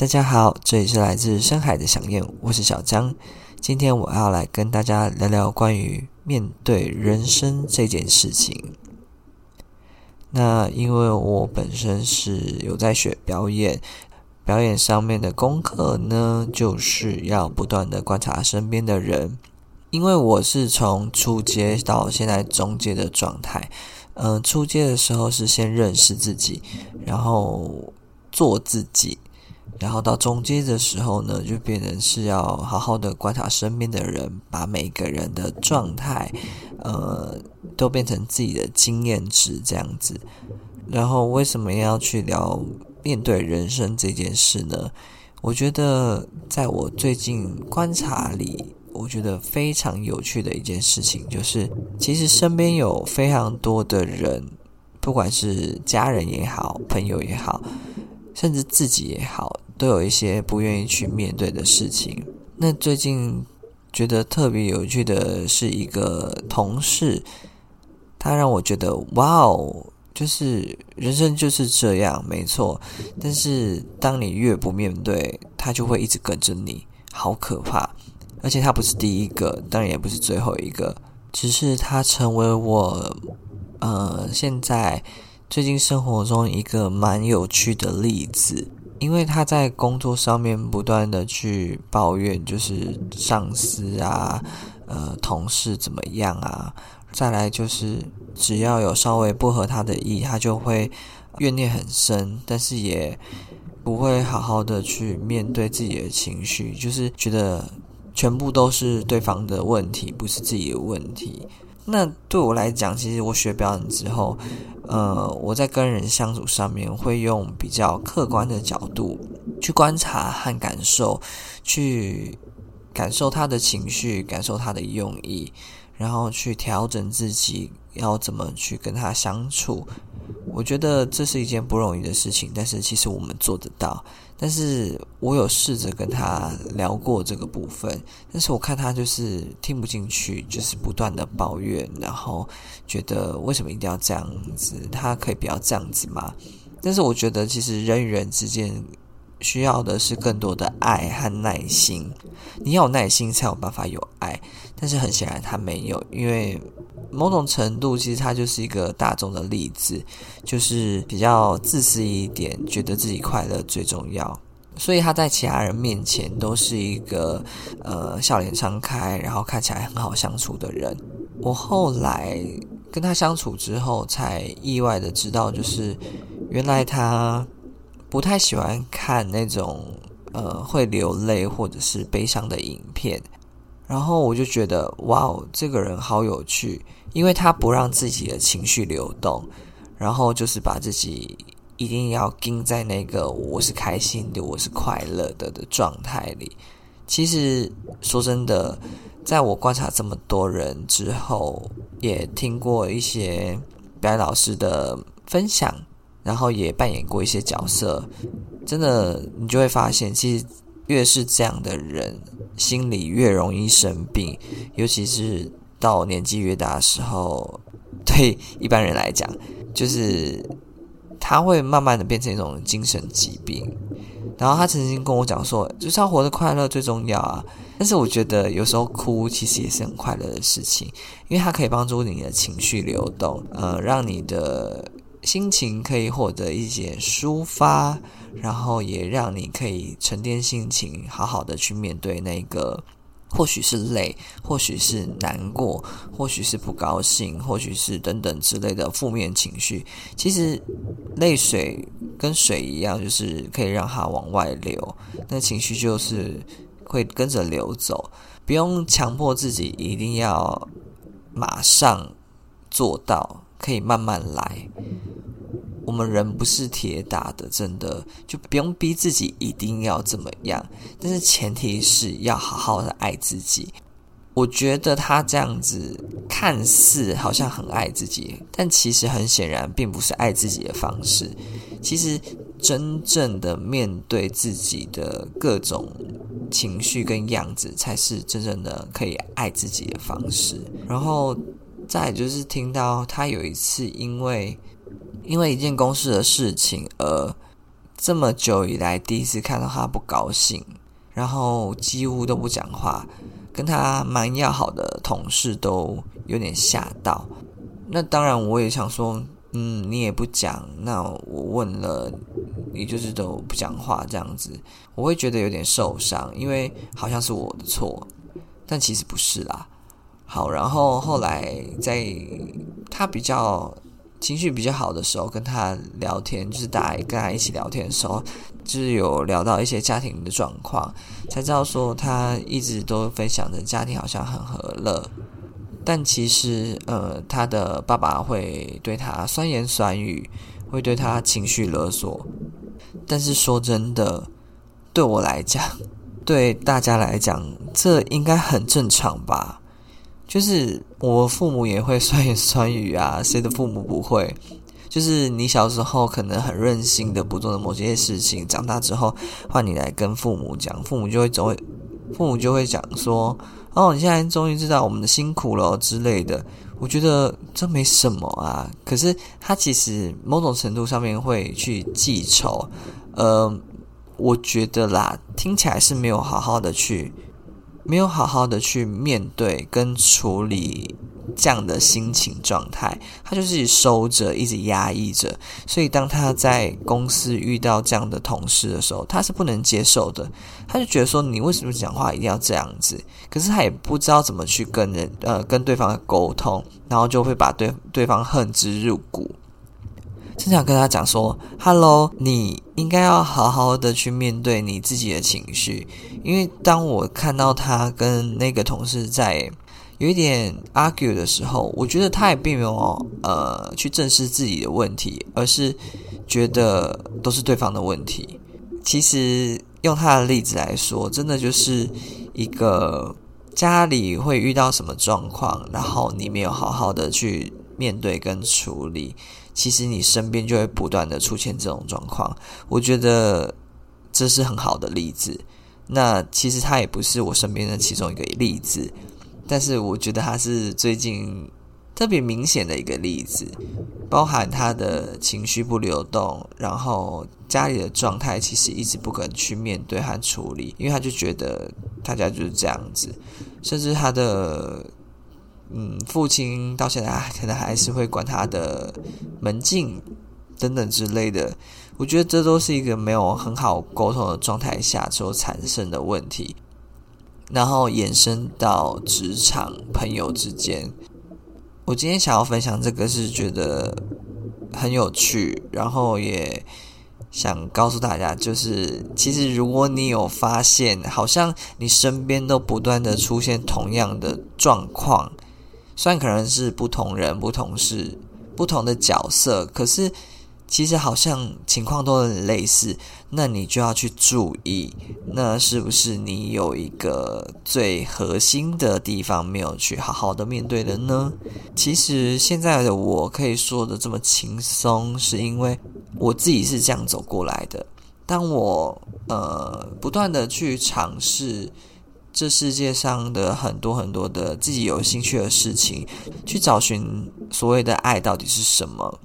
大家好，這裡是來自深海的想念，我是小江。今天我要來跟大家聊聊關於面對人生這件事情。那因為我本身是有在學表演，表演上面的功課呢，就是要不斷的觀察身邊的人。因為我是從初階到現在中階的狀態，嗯、呃，初階的時候是先認識自己，然後做自己。然後到中間的時候呢，就變成是要好好的觀察身邊的人，把每個人的狀態，呃，都變成自己的經驗值這樣子。然後為什麼要去聊面對人生這件事呢？我覺得在我最近觀察裡，我覺得非常有趣的一件事情就是，其實身邊有非常多的人，不管是家人也好，朋友也好，甚至自己也好。都有一些不願意去面對的事情。那最近覺得特別有趣的是一個同事，他讓我覺得“哇哦”，就是人生就是這樣，沒錯。但是當你越不面對，他就會一直跟着你，好可怕。而且他不是第一個，當然也不是最後一個，只是他成為我，呃，現在最近生活中一個蠻有趣的例子。因為他在工作上面不斷的去抱怨，就是上司啊，呃，同事怎麼樣啊。再來就是只要有稍微不合他的意，他就會怨念很深，但是也不會好好的去面對自己的情緒，就是覺得全部都是對方的問題，不是自己的問題。那對我來講，其實我學表演之後，呃，我在跟人相處上面會用比較客觀的角度去觀察和感受，去感受他的情緒，感受他的用意，然後去調整自己要怎麼去跟他相處。我覺得這是一件不容易的事情，但是其實我們做得到。但是我有試着跟他聊過這個部分，但是我看他就是聽不進去，就是不斷的抱怨，然後覺得為什麼一定要這樣子，他可以不要這樣子嗎？但是我覺得其實人與人之間。需要的是更多的愛和耐心，你要有耐心才有辦法有愛。但是很顯然他沒有，因為某種程度其實他就是一個大眾的例子，就是比較自私一點，覺得自己快樂最重要。所以他在其他人面前都是一個呃笑臉常開，然後看起來很好相處的人。我後來跟他相處之後，才意外的知道，就是原來他。不太喜歡看那種呃會流淚或者是悲傷的影片，然後我就覺得哇哦，這個人好有趣，因為他不讓自己的情緒流動，然後就是把自己一定要釘在那個我是開心的，我是快樂的的狀態裡。其實說真的，在我觀察這麼多人之後，也聽過一些表演老師的分享。然後也扮演過一些角色，真的你就會發現，其實越是這樣的人，心裡越容易生病，尤其是到年紀越大的時候，對一般人來講，就是他會慢慢的變成一種精神疾病。然後他曾經跟我講說，就是要活得快樂最重要啊。但是我覺得有時候哭其實也是很快樂的事情，因為它可以幫助你的情緒流動，呃，讓你的。心情可以獲得一些抒發，然後也讓你可以沉澱心情，好好的去面對那個，或許是累，或許是難過，或許是不高興，或許是等等之類的負面情緒。其實，淚水跟水一樣，就是可以讓它往外流，那情緒就是會跟着流走，不用強迫自己一定要馬上做到。可以慢慢來，我們人不是鐵打的，真的就不用逼自己一定要怎麼樣。但是前提是要好好的愛自己。我覺得他這樣子看似好像很愛自己，但其實很顯然並不是愛自己的方式。其實真正的面對自己的各種情緒跟樣子，才是真正的可以愛自己的方式。然後。再就是聽到他有一次因為，因為一件公司的事情而這麼久以來第一次看到他不高興，然後幾乎都不講話，跟他蠻要好的同事都有點嚇到。那當然，我也想說，嗯，你也不講，那我問了，你就是都不講話這樣子，我會覺得有點受傷，因為好像是我的錯，但其實不是啦。好，然後後來在他比較情緒比較好的時候，跟他聊天，就是大家跟他一起聊天的時候，就是有聊到一些家庭的狀況，才知道說他一直都分享的家庭好像很和樂。但其實呃，他的爸爸會對他酸言酸語，會對他情緒勒索。但是說真的，對我來講，對大家來講，這應該很正常吧。就是我父母也會酸言酸語啊，誰的父母不會？就是你小時候可能很任性的不做的某些事情，長大之後換你來跟父母講，父母就會總會，父母就會講說：“哦，你現在終於知道我們的辛苦了”之類的。我覺得這沒什麼啊，可是他其實某種程度上面會去記仇。呃，我覺得啦，聽起來是沒有好好的去。沒有好好的去面對跟處理這樣的心情狀態，他就自己收着，一直壓抑着。所以當他在公司遇到這樣的同事的時候，他是不能接受的。他就覺得說：“你為什麼講話一定要這樣子？”可是他也不知道怎麼去跟人，呃，跟對方溝通，然後就會把對對方恨之入骨。正想跟他講說：“Hello，你應該要好好的去面對你自己的情緒，因為當我看到他跟那個同事在有一點 argue 的時候，我覺得他也並沒有呃去正視自己的問題，而是覺得都是對方的問題。其實用他的例子來說，真的就是一個家裡會遇到什麼狀況，然後你沒有好好的去面對跟處理。”其實你身邊就會不斷地出現這種狀況，我覺得這是很好的例子。那其實他也不是我身邊的其中一個例子，但是我覺得他是最近特別明顯的一個例子，包含他的情緒不流動，然後家裡的狀態其實一直不肯去面對和處理，因為他就覺得大家就是這樣子，甚至他的。嗯，父親到現在還可能還是會管他的門禁等等之類的。我覺得這都是一個沒有很好溝通的狀態下所產生的問題，然後衍生到職場朋友之間。我今天想要分享這個是覺得很有趣，然後也想告訴大家，就是其實如果你有發現，好像你身邊都不斷的出現同樣的狀況。雖然可能是不同人、不同事、不同的角色，可是其實好像情況都很類似。那你就要去注意，那是不是你有一個最核心的地方沒有去好好的面對的呢？其實現在的我可以說的這麼輕鬆，是因為我自己是這樣走過來的。當我，呃，不斷的去嘗試。這世界上的很多很多的自己有興趣的事情，去找尋所謂的愛到底是什麼，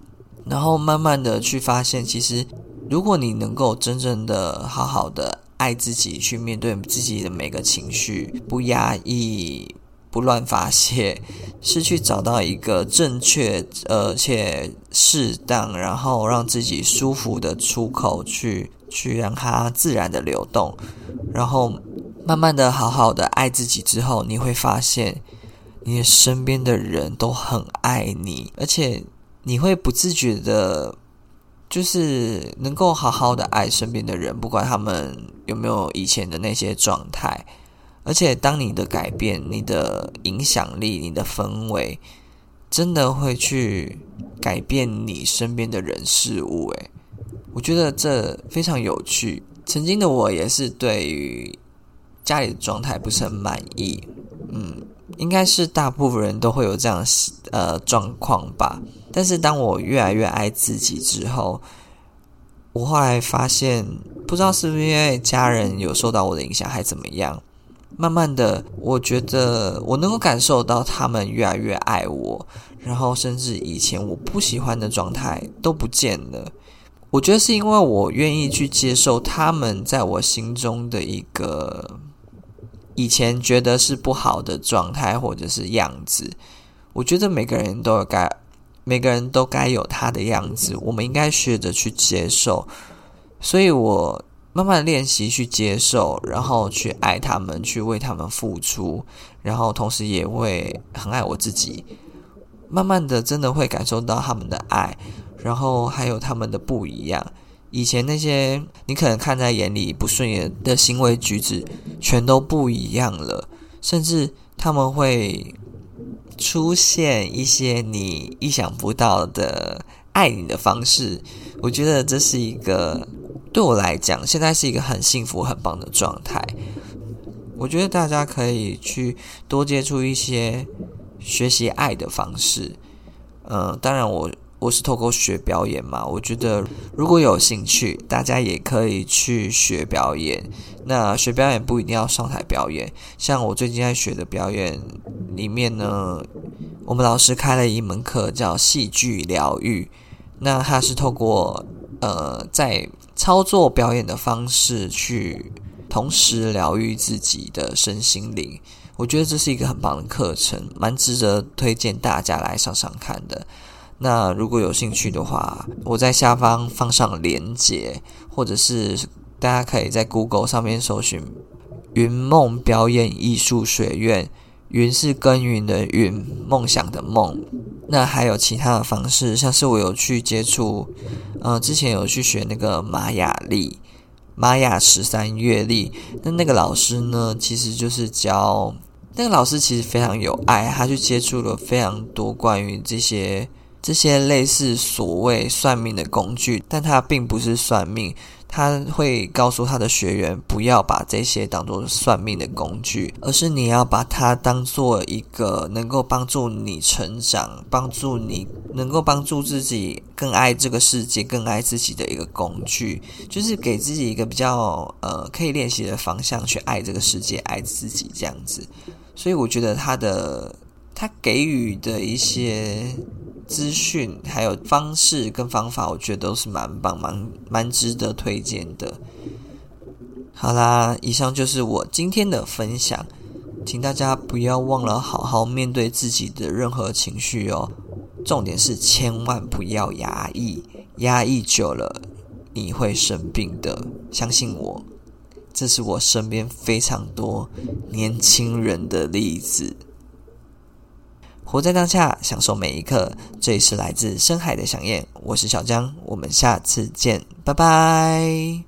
然後慢慢的去發現，其實如果你能夠真正的好好的愛自己，去面對自己的每個情緒，不壓抑，不亂發泄，是去找到一個正確而且適當，然後讓自己舒服的出口去，去去讓它自然的流動，然後。慢慢的好好的愛自己之後，你會發現，你身邊的人都很愛你，而且你會不自覺的，就是能夠好好的愛身邊的人，不管他們有沒有以前的那些狀態。而且，當你的改變、你的影響力、你的氛圍，真的會去改變你身邊的人事物。誒，我覺得這非常有趣。曾經的我也是對於。家裡的狀態不是很滿意，嗯，應該是大部分人都會有這樣呃狀況吧。但是當我越來越愛自己之後，我後來發現，不知道是不是因為家人有受到我的影響，還怎麼樣？慢慢的，我覺得我能夠感受到他們越來越愛我，然後甚至以前我不喜歡的狀態都不見了。我覺得是因為我願意去接受他們在我心中的一個。以前覺得是不好的狀態或者是樣子，我覺得每個人都有該，每個人都該有他的樣子，我們應該學着去接受。所以我慢慢練習去接受，然後去愛他們，去為他們付出，然後同時也會很愛我自己。慢慢的，真的會感受到他們的愛，然後還有他們的不一樣。以前那些你可能看在眼裡不順眼的、的行為舉止，全都不一樣了。甚至他們會出現一些你意想不到的愛你的方式。我覺得這是一個對我來講，現在是一個很幸福、很棒的狀態。我覺得大家可以去多接觸一些學習愛的方式。嗯，當然我。我是透過學表演嘛，我覺得如果有興趣，大家也可以去學表演。那學表演不一定要上台表演，像我最近在學的表演裡面呢，我們老師開了一門課叫戲劇療癒。那它是透過呃，在操作表演的方式去同時療癒自己的身心靈。我覺得這是一個很棒的課程，蠻值得推薦大家來上上看的。那如果有興趣的話，我在下方放上連結，或者是大家可以在 Google 上面搜尋“耘夢表演藝術學院”，“耘”是耕耘的“耘”，夢想的“夢”。那還有其他的方式，像是我有去接觸，呃，之前有去學那個瑪雅曆，瑪雅十三月曆。那那個老師呢，其實就是教那個老師，其實非常有愛，他去接觸了非常多關於這些。這些類似所謂算命的工具，但他並不是算命。他會告訴他的學員，不要把這些當做算命的工具，而是你要把它當做一個能夠幫助你成長、幫助你能夠幫助自己更愛這個世界、更愛自己的一個工具，就是給自己一個比較呃可以練習的方向，去愛這個世界、愛自己這樣子。所以我覺得他的他給予的一些。資訊還有方式跟方法，我覺得都是蠻棒、蠻蠻值得推薦的。好啦，以上就是我今天的分享，請大家不要忘了好好面對自己的任何情緒哦。重點是千萬不要壓抑，壓抑久了你會生病的，相信我，這是我身邊非常多年輕人的例子。活在當下，享受每一刻。這裡是來自深海的想念，我是小江，我們下次見，拜拜。